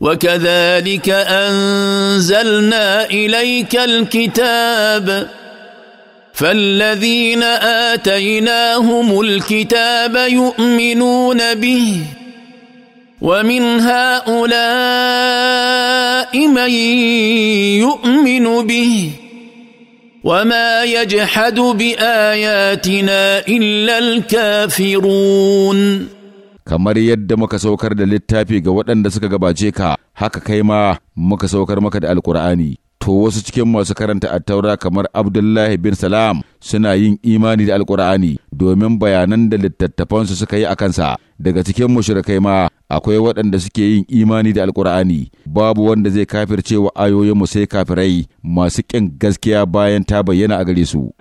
وكذلك انزلنا اليك الكتاب فالذين اتيناهم الكتاب يؤمنون به ومن هؤلاء من يؤمن به وما يجحد باياتنا الا الكافرون kamar yadda muka saukar da littafi ga waɗanda suka gabace ka haka kai ma muka saukar maka da alkur'ani to wasu cikin masu karanta attaura kamar abdullahi bin salam suna yin imani da alkur'ani domin bayanan da littattafansu suka yi a kansa daga cikin mushrikai ma akwai waɗanda suke yin imani da alkur'ani babu wanda zai kafirce wa ayoyinmu sai kafirai masu ƙin gaskiya bayan ta bayyana a gare su